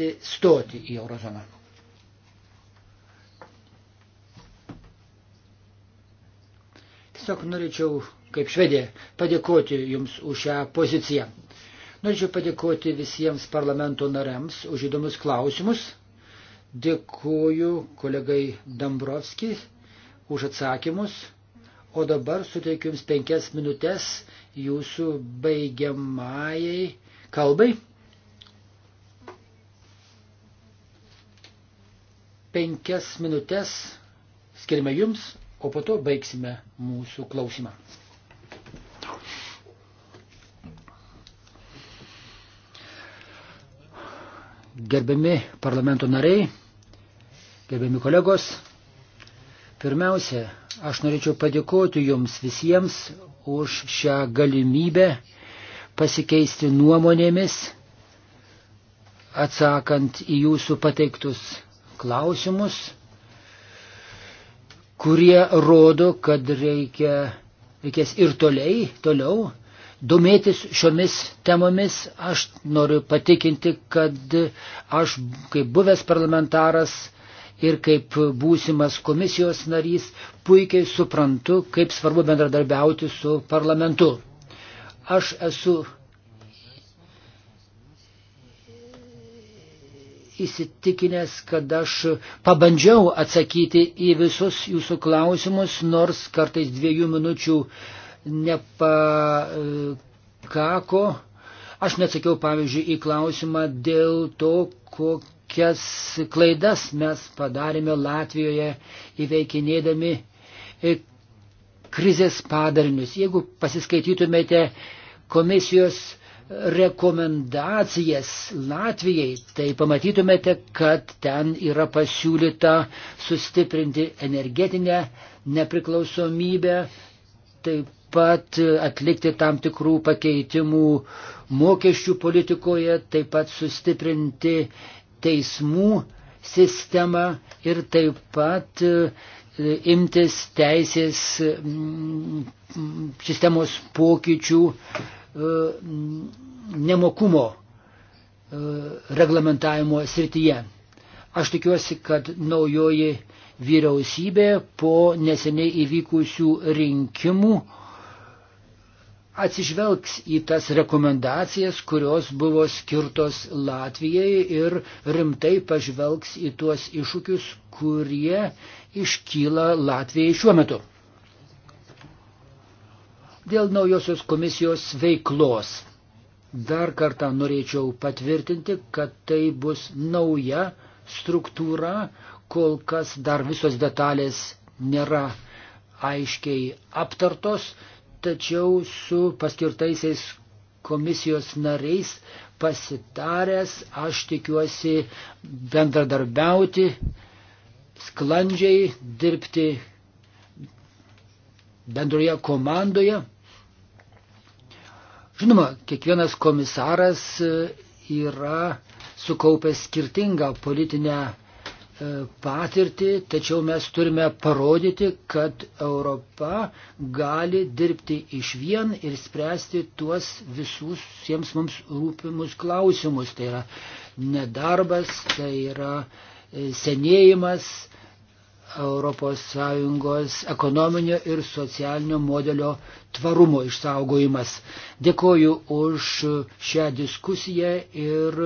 leisti stoti į eurozoną. Tiesiog norėčiau, kaip švedė, padėkoti Jums už šią poziciją. Norėčiau padėkoti visiems parlamento nariams už įdomius klausimus. Dėkuoju kolegai Dambrovski už atsakymus. O dabar suteikiu Jums penkias minutės jūsų baigiamajai kalbai. penkias minutės skirime jums, o po to baigsime mūsų klausimą. Gerbiami parlamento nariai, gerbiami kolegos, pirmiausia, aš norėčiau padėkoti jums visiems už šią galimybę pasikeisti nuomonėmis, atsakant į jūsų pateiktus klausimus, kurie rodo, kad reikia, reikės ir toliai, toliau domėtis šiomis temomis. Aš noriu patikinti, kad aš kaip buvęs parlamentaras ir kaip būsimas komisijos narys puikiai suprantu, kaip svarbu bendradarbiauti su parlamentu. Aš esu įsitikinęs, kad aš pabandžiau atsakyti į visus jūsų klausimus, nors kartais dviejų minučių nepakako. Aš neatsakiau, pavyzdžiui, į klausimą dėl to, kokias klaidas mes padarėme Latvijoje įveikinėdami krizės padarinius. Jeigu pasiskaitytumėte komisijos rekomendacijas Latvijai, tai pamatytumėte, kad ten yra pasiūlyta sustiprinti energetinę nepriklausomybę, taip pat atlikti tam tikrų pakeitimų mokesčių politikoje, taip pat sustiprinti teismų sistemą ir taip pat e, imtis teisės sistemos pokyčių E, nemokumo e, reglamentavimo srityje. Aš tikiuosi, kad naujoji vyriausybė po neseniai įvykusių rinkimų atsižvelgs į tas rekomendacijas, kurios buvo skirtos Latvijai ir rimtai pažvelgs į tuos iššūkius, kurie iškyla Latvijai šiuo metu. Dėl naujosios komisijos veiklos dar kartą norėčiau patvirtinti, kad tai bus nauja struktūra, kol kas dar visos detalės nėra aiškiai aptartos, tačiau su paskirtaisiais komisijos nariais pasitaręs aš tikiuosi bendradarbiauti, sklandžiai dirbti bendroje komandoje. Žinoma, kiekvienas komisaras e, yra sukaupęs skirtingą politinę e, patirtį, tačiau mes turime parodyti, kad Europa gali dirbti iš vien ir spręsti tuos visus jiems mums rūpimus klausimus. Tai yra nedarbas, tai yra e, senėjimas, ES ekonominio ir socialinio modelio tvarumo išsaugojimas. Dėkoju už šią diskusiją ir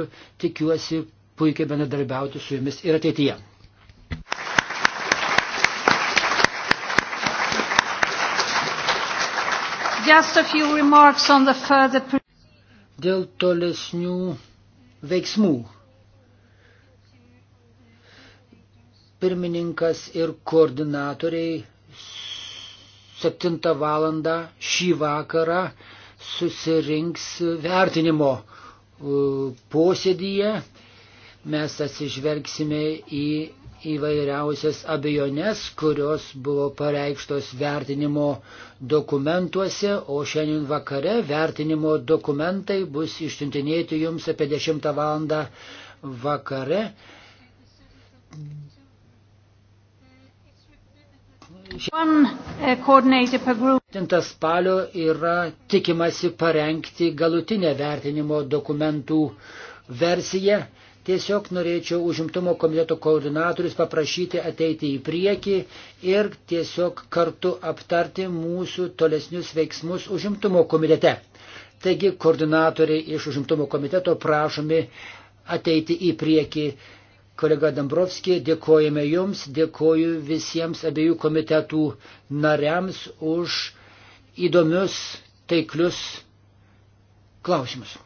tikiuosi puikiai bendradarbiauti su jumis ir ateityje. The... Dėl tolesnių veiksmų pirmininkas ir koordinatoriai 7 val. šį vakarą susirinks vertinimo posėdyje. Mes atsižvelgsime į įvairiausias abejonės, kurios buvo pareikštos vertinimo dokumentuose, o šiandien vakare vertinimo dokumentai bus išsiuntinėti jums apie 10 val. vakare. 7 uh, spalio yra tikimasi parengti galutinę vertinimo dokumentų versiją. Tiesiog norėčiau užimtumo komiteto koordinatorius paprašyti ateiti į priekį ir tiesiog kartu aptarti mūsų tolesnius veiksmus užimtumo komitete. Taigi koordinatoriai iš užimtumo komiteto prašomi ateiti į priekį kolega Dambrovskį, dėkojame Jums, dėkoju visiems abiejų komitetų nariams už įdomius, taiklius klausimus.